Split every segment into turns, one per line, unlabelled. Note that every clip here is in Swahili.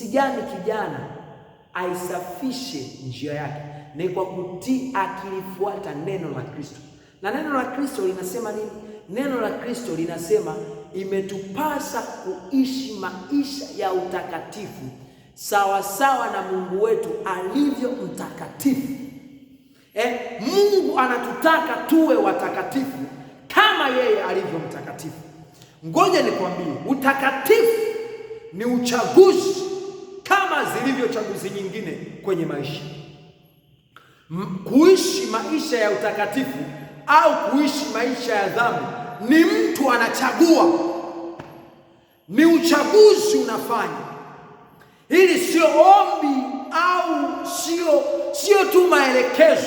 jinsi gani kijana aisafishe njia yake ni kwa kutii, akilifuata neno la Kristo. Na neno la Kristo linasema nini? Neno la Kristo linasema imetupasa kuishi maisha ya utakatifu sawasawa na Mungu wetu alivyo mtakatifu. Eh, Mungu anatutaka tuwe watakatifu kama yeye alivyo mtakatifu. Ngoja nikwambie, utakatifu ni uchaguzi kama zilivyo chaguzi nyingine kwenye maisha. Kuishi maisha ya utakatifu au kuishi maisha ya dhambi ni mtu anachagua, ni uchaguzi unafanya. Hili sio ombi au sio sio tu maelekezo,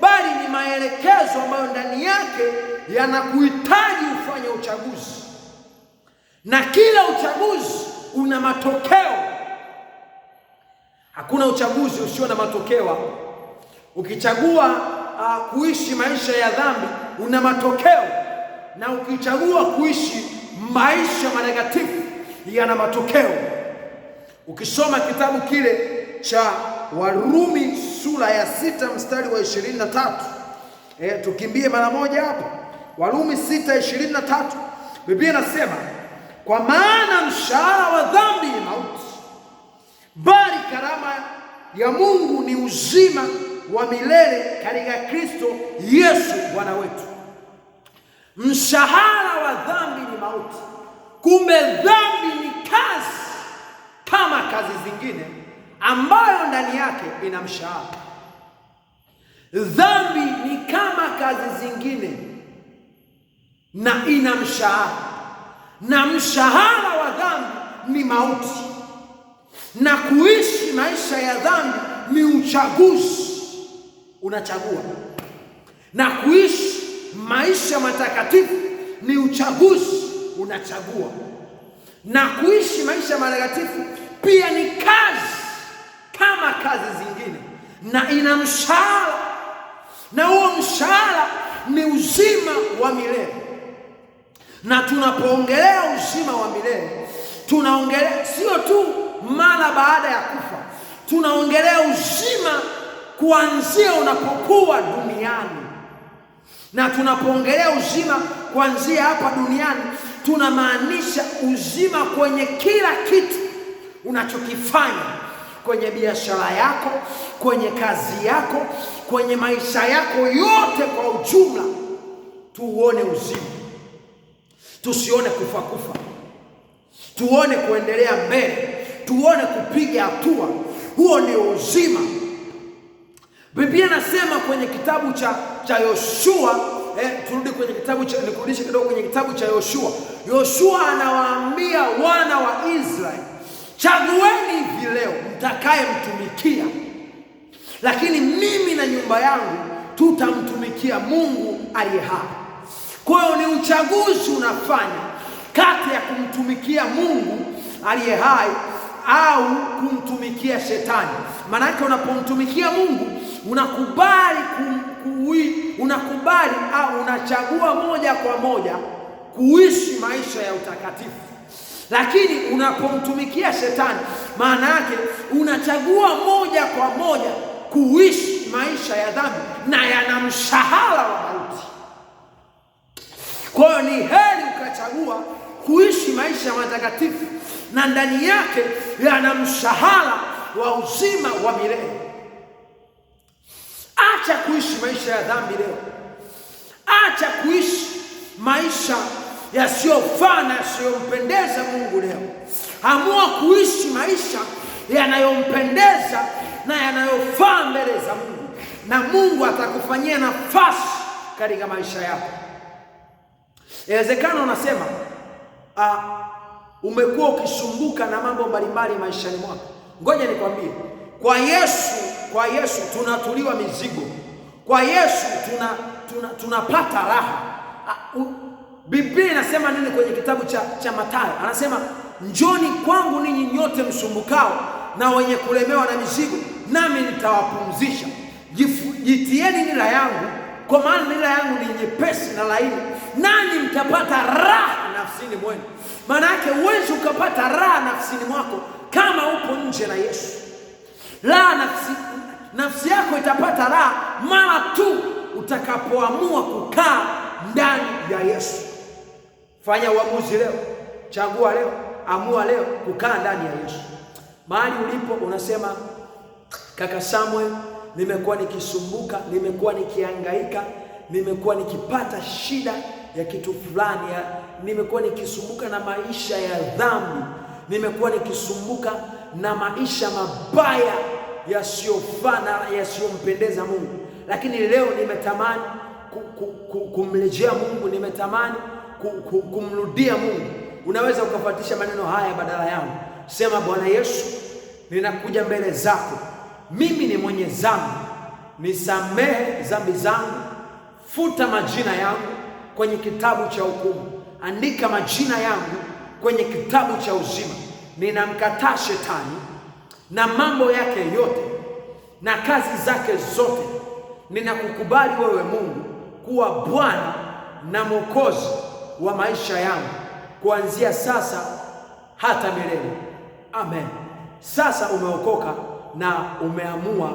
bali ni maelekezo ambayo ndani yake yanakuhitaji ufanye uchaguzi, na kila uchaguzi una matokeo Hakuna uchaguzi usio na matokeo. Ukichagua uh, kuishi maisha ya dhambi una matokeo, na ukichagua kuishi maisha manegatifu yana matokeo. Ukisoma kitabu kile cha Warumi sura ya sita mstari wa ishirini na tatu e, tukimbie mara moja hapo. Warumi sita ishirini na tatu Biblia inasema, kwa maana mshahara wa dhambi mauti bali karama ya Mungu ni uzima wa milele katika Kristo Yesu Bwana wetu. Mshahara wa dhambi ni mauti. Kumbe dhambi ni kazi kama kazi zingine ambayo ndani yake ina mshahara. Dhambi ni kama kazi zingine na ina mshahara, na mshahara wa dhambi ni mauti na kuishi maisha ya dhambi ni uchaguzi, unachagua. Na kuishi maisha matakatifu ni uchaguzi, unachagua. Na kuishi maisha matakatifu pia ni kazi kama kazi zingine, na ina mshahara, na huo mshahara ni uzima wa milele. Na tunapoongelea uzima wa milele tunaongelea sio tu mara baada ya kufa. Tunaongelea uzima kuanzia unapokuwa duniani, na tunapoongelea uzima kuanzia hapa duniani tunamaanisha uzima kwenye kila kitu unachokifanya kwenye biashara yako, kwenye kazi yako, kwenye maisha yako yote kwa ujumla. Tuuone uzima, tusione kufa kufa, tuone kuendelea mbele tuone kupiga hatua. Huo ni uzima. Biblia nasema kwenye kitabu cha cha Yoshua eh, turudi kwenye kitabu cha nikurudishe kidogo kwenye kitabu cha Yoshua. Yoshua anawaambia wana wa Israeli, chagueni hivi leo mtakayemtumikia, lakini mimi na nyumba yangu tutamtumikia Mungu aliye hai. Kwa hiyo ni uchaguzi unafanya kati ya kumtumikia Mungu aliye hai au kumtumikia shetani. yake unapomtumikia Mungu unakubali kui, unakubali au unachagua moja kwa moja kuishi maisha ya utakatifu, lakini unapomtumikia shetani, maana yake unachagua moja kwa moja kuishi maisha ya dhambi na yana mshahara wa mauti. Kwa hiyo ni heri ukachagua kuishi maisha matakatifu na ndani yake yana mshahara wa uzima wa milele. Acha kuishi maisha ya dhambi leo, acha kuishi maisha yasiyofaa na yasiyompendeza Mungu leo. Amua kuishi maisha yanayompendeza na yanayofaa mbele za Mungu, na Mungu atakufanyia nafasi katika maisha yako. Inawezekana unasema uh, umekuwa ukisumbuka na mambo mbalimbali maishani mwako. Ngoja nikwambie, kwa Yesu, kwa Yesu tunatuliwa mizigo, kwa Yesu tuna, tuna, tunapata raha. Ah, Biblia inasema nini kwenye kitabu cha, cha Mathayo? Anasema, njoni kwangu ninyi nyote msumbukao na wenye kulemewa na mizigo, nami nitawapumzisha. Jitieni nira yangu, kwa maana nira yangu ni nyepesi na laini nani mtapata raha nafsini mwenu. Maana yake huwezi ukapata raha nafsini mwako kama upo nje na Yesu. Raha nafsi, nafsi yako itapata raha mara tu utakapoamua kukaa ndani ya Yesu. Fanya uamuzi leo, chagua leo, amua leo kukaa ndani ya Yesu. Mahali ulipo unasema, kaka Samuel, nimekuwa nikisumbuka, nimekuwa nikihangaika, nimekuwa nikipata shida ya kitu fulani nimekuwa nikisumbuka na maisha ya dhambi, nimekuwa nikisumbuka na maisha mabaya yasiyofaa na yasiyompendeza Mungu, lakini leo nimetamani kumrejea Mungu, nimetamani kumrudia Mungu. Unaweza ukafuatisha maneno haya badala yangu, sema: Bwana Yesu, ninakuja mbele zako, mimi ni mwenye dhambi, nisamehe dhambi zangu, futa majina yangu kwenye kitabu cha hukumu, andika majina yangu kwenye kitabu cha uzima. Ninamkataa shetani na mambo yake yote na kazi zake zote. Ninakukubali wewe Mungu kuwa Bwana na Mwokozi wa maisha yangu kuanzia sasa hata milele. Amen. Sasa umeokoka na umeamua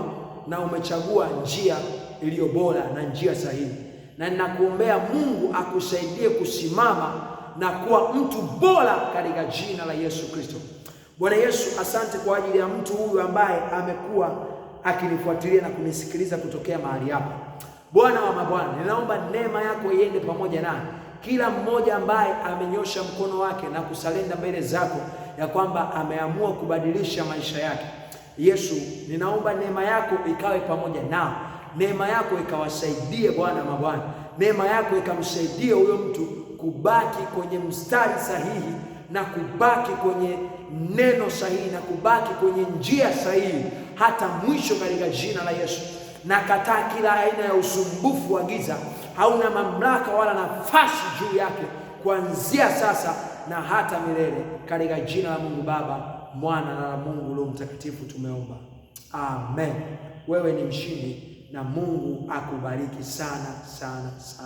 na umechagua njia iliyo bora na njia sahihi na ninakuombea Mungu akusaidie kusimama na kuwa mtu bora katika jina la Yesu Kristo. Bwana Yesu, asante kwa ajili ya mtu huyu ambaye amekuwa akinifuatilia na kunisikiliza kutokea mahali hapa. Bwana wa mabwana, ninaomba neema yako iende pamoja naye kila mmoja ambaye amenyosha mkono wake na kusalenda mbele zako ya kwamba ameamua kubadilisha maisha yake. Yesu, ninaomba neema yako ikawe pamoja nao neema yako ikawasaidie Bwana mabwana, neema yako ikamsaidie huyo mtu kubaki kwenye mstari sahihi na kubaki kwenye neno sahihi na kubaki kwenye njia sahihi hata mwisho, katika jina la Yesu. Nakataa kila aina ya usumbufu wa giza, hauna mamlaka wala nafasi juu yake kuanzia sasa na hata milele, katika jina la Mungu Baba, Mwana na la Mungu Roho Mtakatifu tumeomba, amen. Wewe ni mshindi. na Mungu akubariki sana sana sana.